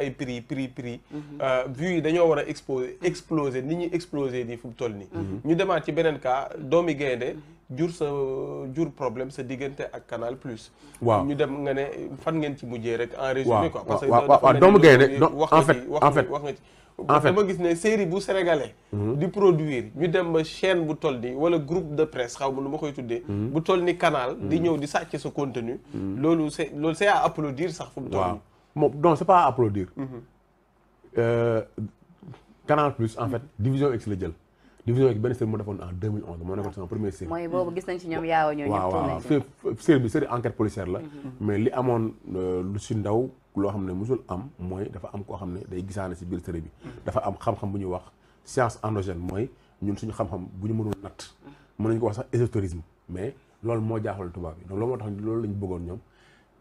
ay prix prix prix. Mhm. Euh, vues yi dañoo war a exposé explosé nit ñi explosé nii fu mu toll nii. Mhm. Mhm. ñu demaat ci beneen cas doomi gaynde jur sa jur problème sa diggante ak Canal Plus. waaw ñu dem nga ne fan ngeen ci mujjee rek. en résumé quoi parce que waaw doomu gaynde en fait en fait wax nga ci. en fait dama gis ne série bu sénégalais. di produire ñu dem ma chaîne bu toll nii wala groupe de presse xaw ma nu ma koy tuddee. bu toll nii canal. di ñëw di sàcc sa contenue loolu c'est loolu c'est à sax fu moom donc c'est pas à applaudir. Canal mhm. euh, Plus en fait division X la jël. division X benn série moo defoon en 2011 moo nekkoon sama première série. mooy boobu gis nañ ci ñoom bi série enquête policière la. Mhm. mais li amoon euh, lu si ndaw loo xam ne musul am mooy dafa am koo xam ne day gisaane si biir série bi. Mhm. dafa am xam-xam bu ñuy wax science endogène mooy ñun suñu xam-xam bu ñu mënul natt. mën nañ ko wax sax ésotérisme mais loolu moo jaaxal tubaab yi donc loolu moo tax loolu lañu bëggoon ñoom.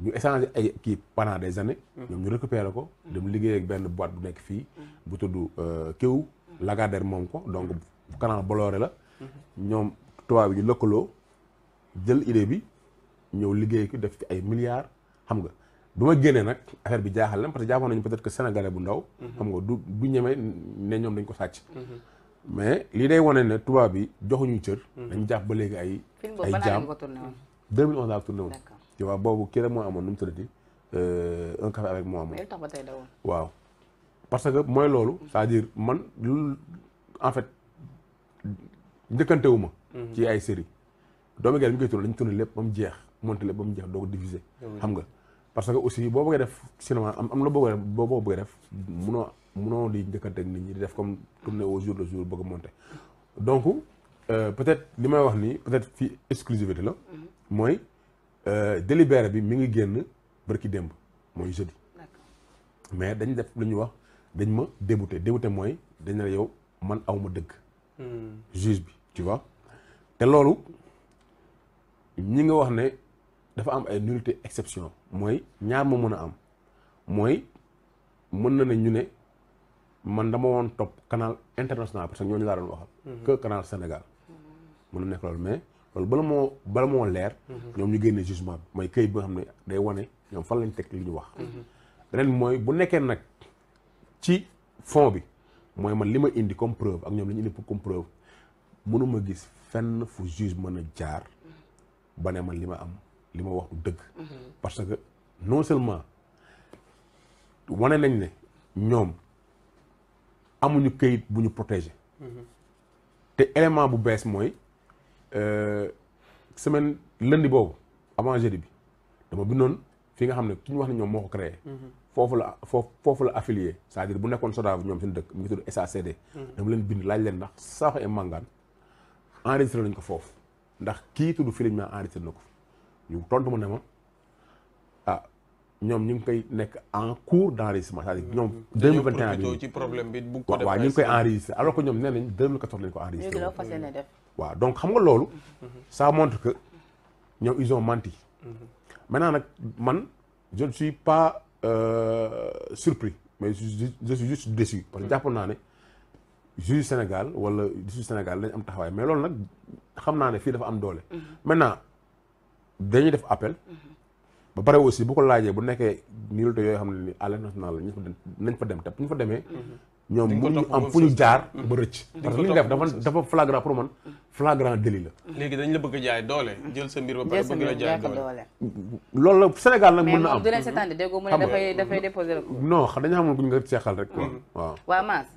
ñu échangé ay kii pendant des années. Mm. ñoom ñu récupéré ko. dem liggéey ak benn boîte bu nekk fii. bu tudd euh, Kéw. Mm. Lagardère moom ko donc mm. canal Bolloré la. Mm-hmm. ñoom tubaab yi ñu lëkkaloo jël idée bi ñëw liggéey ki def ci ay milliards xam nga. bu ma génnee nag affaire bi jaaxal na parce que jaaxoon nañu peut-être que bu ndaw. Mm-hmm. xam nga du du ñeme ne ñoom dañ ko sàcc. Mm-hmm. mais li day wane ne tubaab bi joxuñu cër. dañu jàpp ba léegi ay. ay jaam film boobu ban année nga tu boobu kii rek moo amoon nu mu tuddati euh, un café avec moi moom. mais tax ba tey dawoon. waaw parce que mooy loolu. saa à man lu en fait njëkkantewu ma. Mhm. ci ay série doomu gerte mi koy tourné dañu lépp mu jeex monté lépp ba mu jeex doo ko xam nga parce que aussi boo bëggee def cinéma am am na boo bëggee boo boo bëggee def munoo munoo di njëkkante ak nit ñi di def comme tourné au jour le jour bëgg monté donc euh, peut-être li may wax nii peut-être fii exclusivité la mhm. mooy. Euh, délibéré bi mi ngi génn bërki démb mooy jeudi. mais dañ def lu ñuy wax dañ ma débouté débouté mooy dañ ne yow man awma ma dëgg. Hmm. juge bi tu vois. te loolu ñi nga wax ne dafa am ay nullité exception mooy ñaar ma mën a am mooy mën na ne ñu ne man dama woon topp canal international parce que ñooñu laa doon waxal. Hmm. que canal Sénégal. Hmm. mën na nekk loolu mais. loolu bala moo bala moo leer mhm. ñoom ñu génne jugement mooy kayit bi nga xam ne day wane ñoom fan lañ teg li ñu wax beneen mhm. mooy bu nekkee nag ci fond bi mooy man li ma indi comme preuve ak ñoom li ñu indi comme preuve mënuma gis fenn fu juge mën a jaar ba ne man li ma am li ma wax du dëgg mhm. parce que non seulement wane nañ ne ñoom amuñu këyit bu ñu protéger te élément bu bees mooy Euh, semaine lundi boobu avant jeudi bi dama bindoon fi nga xam ne ki ñu wax ne ñoom moo ko créé. Mm-hmm. foofu la foofu foofu la affilié sa à dire bu nekkoon Sodav ñoom seen dëkk mu ngi tudd SACD. Mm-hmm. dama leen bind laaj leen ndax Sakho et Mangane enregistré nañ ko foofu ndax kii tudd Filimia enregistré na ko ñu tontu ma ne ma. ñoom ñu ngi nekk en cours d' enregistrement c'est-à-dire mm. ñoom. 2021 bi ci problème bi bu ko defee waaw ñu ngi koy enregistré alors que ñoom nee nañ 2014 lañ xam nga loolu. Mm-hmm. Mm-hmm. ça que ñoom ils ont menti. Mm-hmm. nag man je ne suis pas euh, surpris mais je suis juste déçu parce que mm. naa ne juge Sénégal wala juge Sénégal dañ am taxawaay mais loolu nag xam naa ne fii dafa am doole. maintenant dañuy def appel. ba pare aussi bu ko laajee bu nekkee minorité yooyu xam ne ni à l'international la ñu fa nañ fa dem te ñu fa demee mhm. ñoom mënuñu am fu ñu jaar mhm. ba rëcc doole jël ba pare la jaay doole loolu la Sénégal nag mën na am mais dafay dafay rek quoi mhm. waaw waaw Mass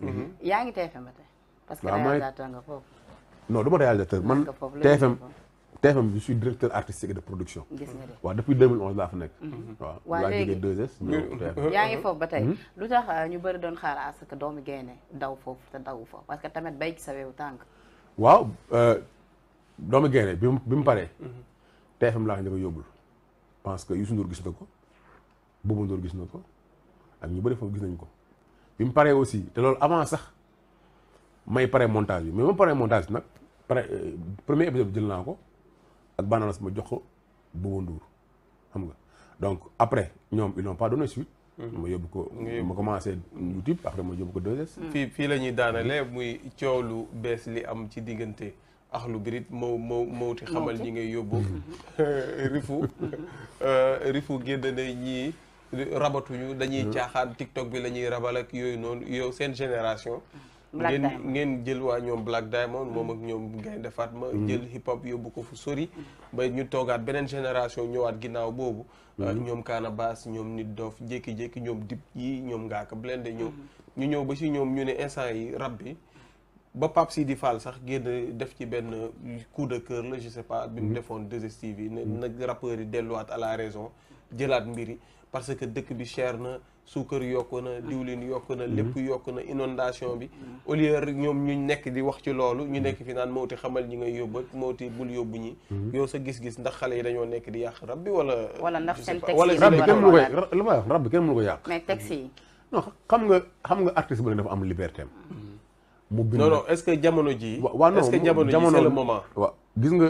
yaa ngi TFM ba TFM je suis directeur artistique et de production. waaw depuis 2011 laa fa nekk. Mhm. waaw waaw léegi yaa ngi foofu ba tey. Mhm. lu tax euh, ñu bëri doon xaar à ce que doomu gaynde daw foofu te dawu fa parce que tamit bay ci tànk. waaw euh, doomu bi bi mu paree. Mhm. laa ko njëkk a que Youssou Ndour gis na ko boobu Ndour gis na ko ak ñu bëri foofu gis nañ ko bi mu paree aussi te loolu avant sax may pare montage bi mais ma pare montage nag pare euh, premier épisode bi jël naa ko. ak bananas ma jox ko Bobo xam nga donc après ñoom ils n'ont pas donné suite. Hmm. ma yóbbu ko ma commencé YouTube après ma yóbbu ko 2S. Hmm. fii fii la ñuy daanale hmm. muy coow lu bees li am ci diggante. ax lu birit moo moo mawti xamal ñi ngay yóbbu rifu rifu génnane ñii rabatuñu dañuy caaxaan tiktok bi la ñuy rabal ak yooyu noonu yow seen génération Black ngeen jël waa ñoom Black Diamond moom ak ñoom Gaynde ma mm-hmm. jël hip hop yóbbu ko fu sori ba ñu toogaat beneen génération ñëwaat ginnaaw boobu euh, mm-hmm. ñoom Kaana Baas ñoom Nit Dof jékki-jékki ñoom Dip yi ñoom Ngaaka Blindé ñëw mm-hmm. ñu ñëw ba si ñoom ñu ne instant yi rab bi ba Pape di faal sax génn def ci benn coup de cœur la je sais pas bi mu defoon 2STV yi ne nag rappeurs yi delluwaat à la raison jëlaat mbir yi parce que dëkk bi cher na suukar yokku na diwlin yokk na lépp mhm. yokk na inondation bi au lieu ñoom ñu nekk di wax ci loolu ñu nekk fii naan mawti xamal ñi ngay yóbbu ak mawti bul yóbbu ñi mhm. yow sa gis-gis ndax xale yi dañoo nekk di yàq rab wala wala ndax seen texte yi rab bi kenn mënu ko yàq mais texte xam nga xam nga artiste bu ne am liberté mm. mu bind non est-ce que jamono ji waaw non est-ce jamono ji c'est waaw gis nga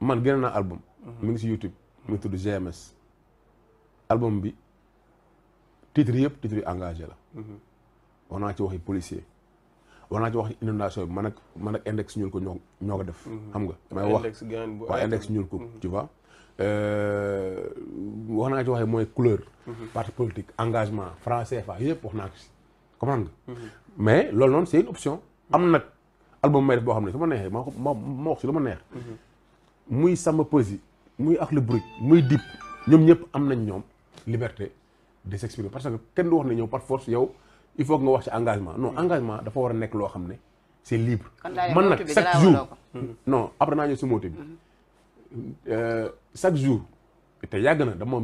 man génn naa album mi ngi si YouTube mi ngi tudd GMS album bi titre yëpp titre yu engagé la mhm. wax naa ci waxi policier wax naa ci wax inondation bi man ak man index ñuul ko ñoo ñoo ko def mhm. xam nga si wax waaw index ñuul ko mhm. tu vois euh, wax naa ci waxi mooy couleur parti politique engagement franc CFA yëpp wax naa ko si comprendre nga mais loolu noonu c'est une option am nag album may def boo xam ne su ma neexee ma ma wax si lu ma neex muy sama yi muy ak le bruit muy dip ñoom ñëpp am nañ ñoom liberté de s'exprimer parce que kenn du wax ne ñëw par force yow il faut que nga wax ci engagement non mm. engagement dafa war a nekk loo xam ne c'est libre man nag chaque jour mm. non après naa ñëw si mm-hmm. euh, jour te yàgg na dama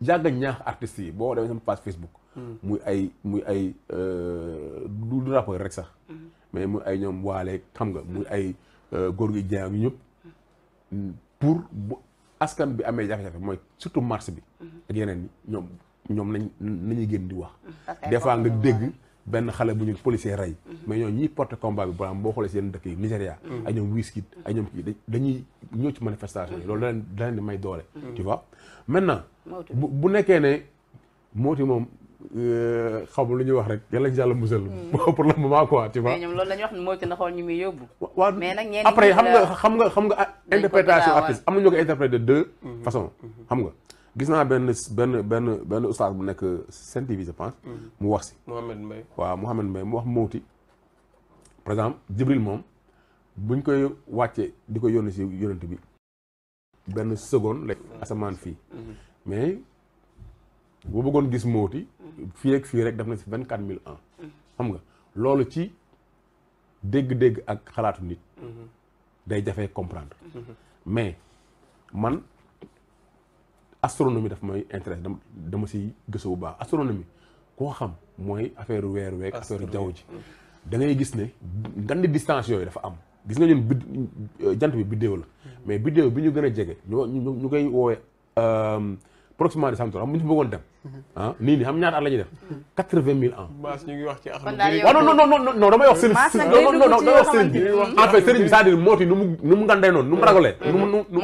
yàgg a ñaax artistes yi boo demee sama page Facebook mm. muy ay muy ay euh, du rappeur rek sax mm-hmm. mais muy ay ñoom waale xam nga muy mm-hmm. ay góor gi jaay ak ñëpp pour bu askan bi amee jafe-jafe mooy surtout marché bi. Mhm. ak yeneen ñoom ñoom nañu gën di wax. des fois nga dégg benn xale bu ñu policier rey. Mhm. mais ñoo ñiy porte combat bi balaa boo xoolee seen dëkk yi Nigéria. Mhm. ay ñoom Wizkid ay ñoom kii dañuy ñëw ci manifestation yi loolu da leen da may doole. tu vois maintenant. bu bu nekkee ne mooti moom. Euh, xaw ma lu ñuy wax rek yàlla ci yàlla musal. Hmm. pour le moment quoi tu vois. mais ñoom loolu la ñuy wax moytu na xool ñu muy yóbbu. mais nag ñenn après xam nga xam nga xam ah, nga interprétation artiste am na ñoo ko interprété de deux hmm. Hmm. façons xam nga. gis naa benn benn benn benn oustaz bu nekk Sen TV je pense. mu wax si. Mouhamed Mbaye waaw Mouhamed Mbaye mu wax Mowti. par exemple Jibril moom buñ koy wàccee di ko yónni si yonent bi benn seconde la asamaan fii mais. boo bëggoon gis mooti fii ak fii rek def na si vingt quatre mille ans xam nga loolu ci dégg-dégg ak xalaatu nit day jafee comprendre mais man astronomie daf may intéresse dama dama si gëstu bu baax astronomie koo xam mooy affaire weer week affaire jaww ji da gis ne ngandi distance yooyu dafa am gis nga ñun jant bi biddéew la mais biddéew bi ñu gën a jege ñu koy woowee euh, proximement de Samtoor am bu ñu bëggoon dem. Mhm. ah nii nii xam ñaata la ñuy def. quatre vingt mille ans. Mass ñu ngi wax ci ah, non non non non non damay wax sëriñ. non non damay wax sëriñ bi. en fait sëriñ bi c'est-à-dire mooti nu mu nu mu ngandee noonu nu mu ragalee. nu mu nu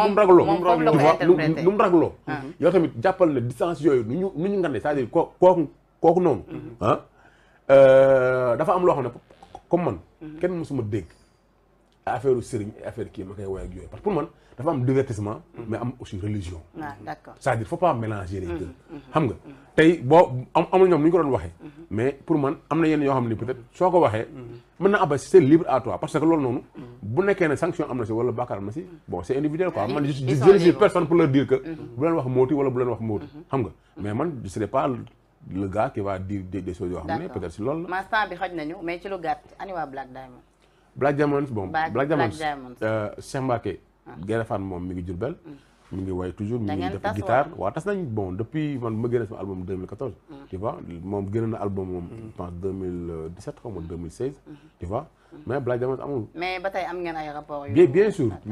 mu ragaloo. nu ah. yow tamit jàppal na distance yooyu nu ñu nu ñu ngandee cest à koo kooku kooku noonu. Mhm. ah euh, dafa am loo xam ne comme man. Mhm. kenn mësuma dégg. affaire sëriñ affaire kii ma koy woy ak yooyu parce que pour man dafa am divertissement mais am aussi religion ah, mm-hmm, mm-hmm. waxee mm-hmm. mais pour man yoo xam ne peut-être soo ko waxee mën na abba c'est libre à toi parce que loolu noonu bu nekkee ne sanction am na si wala bàkkaar am na si bon c'est individuel quoi ah, man je ne suis personne pour leur dire que bu leen wax mooti wala bu leen wax mooti xam nga mais man je serai pas le qui va dire des choses yoo ne peut si loolu Black Diamonds bon Black Diamonds euh, Cheikh ah. moom mi ngi Jurbel mu mm. ngi way toujours mi ngi def guitare waaw tas nañ bon depuis man ma génne sama album mm. moom génne na album moom mm.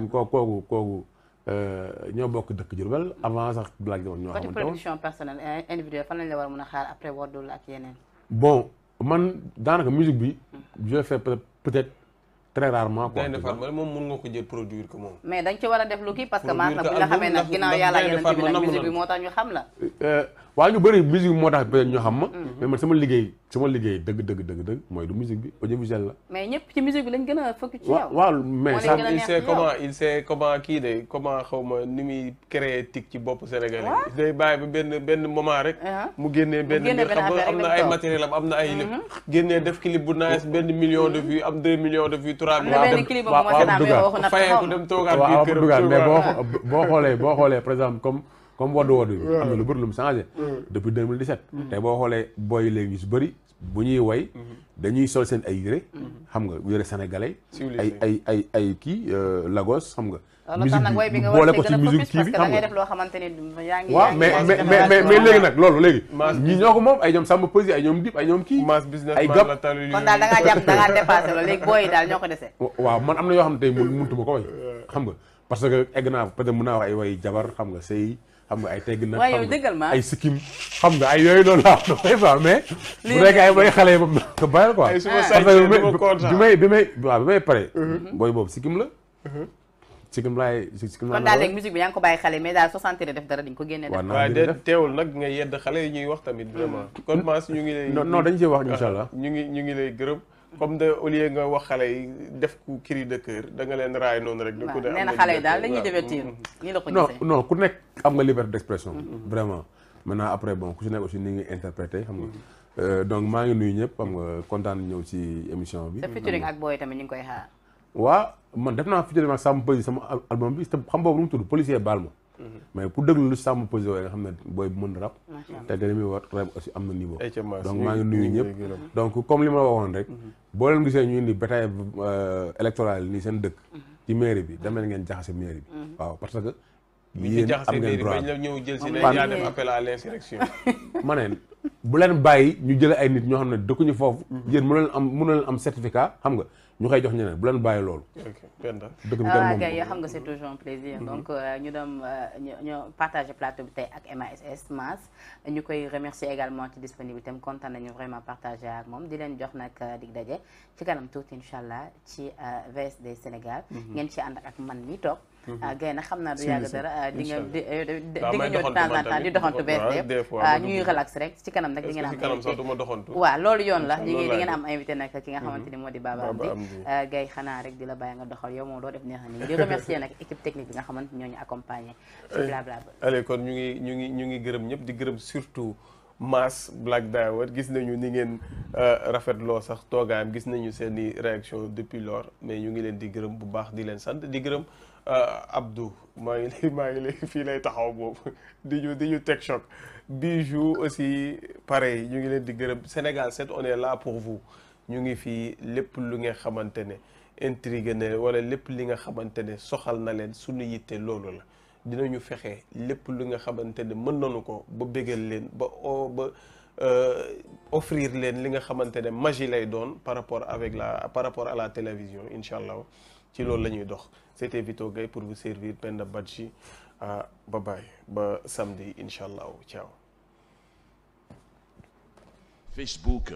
ko kooku kooku euh, ñoo bokk dëkk Diourbel avant sax Black Diamonds ñoo xamante woon production euh, a mën a xaar après Wodul ak yeneen bon man daanaka musique bi je fais peut très rarement quoi. gaynde farma moom mën nga ko jël produire ko mais dañ ci war a bi nga xamee nag ginnaaw yàlla yonent bi euh, ma. Mm. sama liggéey sama liggéey dëgg dëgg dëgg mooy du musique bi audiovisuel la. mais ñëpp ci musique bi lañ gën a fëkk ci yow. mais ma ni muy créer tic ci bopp sénégalais. day bàyyi ba benn moment rek. Uh-huh. mu génnee benn million de vues am deux de vues droit bi. waaw waaw fayeeku dem boo boo xoolee boo xoolee par exemple comme comme waddu waddu bi. am na lu bëri lu mu changé. depuis mm. te boo xoolee booy léegi yu bëri. bu ñuy woy mhm. dañuy sol seen ay yére mhm. xam nga yére sénégalais ay ay ay ay kii euh, Lagos xam nga ah, musique bi boole ko ci musique kii bi xam nga waaw mais mais mais mais léegi nag loolu léegi ñi ñoo ko moom ay ñoom Samba Peuzzi ay ñoom Dip ñoom kii ay gab kon daal da ngaa jàpp da ngaa ko dese waaw man am na yoo xam ne tey mënutuma ko way xam nga parce que egg naa peut-être mën naa wax ay way jabar xam nga sëy xam nga ay tegg na ay sikkim xam nga ay yooyu noonu laa doon quoi mais. bu nekk ay bay xale yi moom nga bàyyil quoi. ay suba saa yi bi may bi may waaw bi may pare. Mhm. booy boobu sikkim la. Mhm. sikkim laay sikkim laa. kon daal léegi musique xale mais daal ko génne. waaw waaye de teewul nag nga yedd xale yi ñuy wax tamit vraiment. Mm. kon ma ñu ngi lay. non dañ cee wax incha allah. ñu ngi ñu ngi lay gërëm. comme de au lieu nga wax xale yi def ku cri de cœur da nga leen raay noonu rek. waaw nee na xale yi daal dañuy divertir mm-hmm. nii la ko ku nekk am nga liberté d'expression. Mm-hmm. vraiment naa après bon ku si nekk aussi ni ngi interprété xam nga. Mm-hmm. Euh, donc maa ngi nuyu ñëpp xam nga kontaan ñëw si émission bi. sa featuring ak booy tamit ñu ngi koy xaar. waa man def naa featuring ak Sam Peuzzi sama album bi xam boobu lu mu tudd policier baal ma. mais pour déglu lu sàmm posé nga xam ne booy bu mën rap te te li muy war na niveau donc maa ngi nuyu ñëpp ma waxoon rek mhm. boo leen gisee ñu indi bataille euh, électorale nii seen dëkk mhm. ci mairie bi demee ngeen jaxase mairie bi mhm. waaw parce que yéen am ngeen droit ñëw jël si yaa dem appel à l'insurrection ma ne bu leen bàyyi ñu jël ay nit ñoo xam ne dëkkuñu foofu yéen mënu leen am mënu leen am certificat xam nga ñu koy jox ñeneen bu leen bàyyi loolu. dëgg bi kenn moom xam nga c'est toujours un plaisir. Mm-hmm. donc euh, ñu dem euh, ñu partagé plateau bi tey ak MASS Mass ñu koy remercier également ci disponibilité am kontaan nañu vraiment partagé ak moom di leen jox nag euh, dig daje ci kanam tuuti incha allah ci VSD Sénégal. Mm-hmm. ngeen ci ànd ak man mi toog. Mm-hmm. gay xam naa du yàgg dara di nga di nga ñëw de temps en temps di doxantu VSD ñuy relax rek ci kanam nag di ngeen am. la ñu invité nag ki nga xamante ni moo di Euh, gay xanaa rek di la bàyyi nga doxal yow moom doo def neex na di remercier nag équipe technique bi nga xamante ñoo ñu accompagner ci blabla ba allez kon ñu ngi ñu ngi ñu ngi gërëm ñëpp di gërëm surtout Mass Black Diamond gis nañu ni ngeen euh, rafetloo sax toogaayam gis nañu seen i réaction depuis lors mais ñu ngi leen di gërëm bu baax di leen sant di gërëm euh, Abdou maa ngi lay maa ngi fii lay taxaw boobu di ñu di ñu teg bi bijou aussi pareil ñu ngi leen di gërëm Sénégal 7 on pour vous ñu ngi fii lépp lu nga xamante ne intrigue na wala lépp li nga xamante ne soxal na leen suñu yitte loolu la ñu fexe lépp lu nga xamante ne mën nañu ko ba bégal leen ba o ba euh, offrir leen li nga xamante ne magie lay doon par rapport avec la par rapport à la télévision incha allah ci loolu la ñuy dox c'était Vito Gueye pour vous servir Penda Badji ah ba bye ba samedi incha allah ciao. Facebook,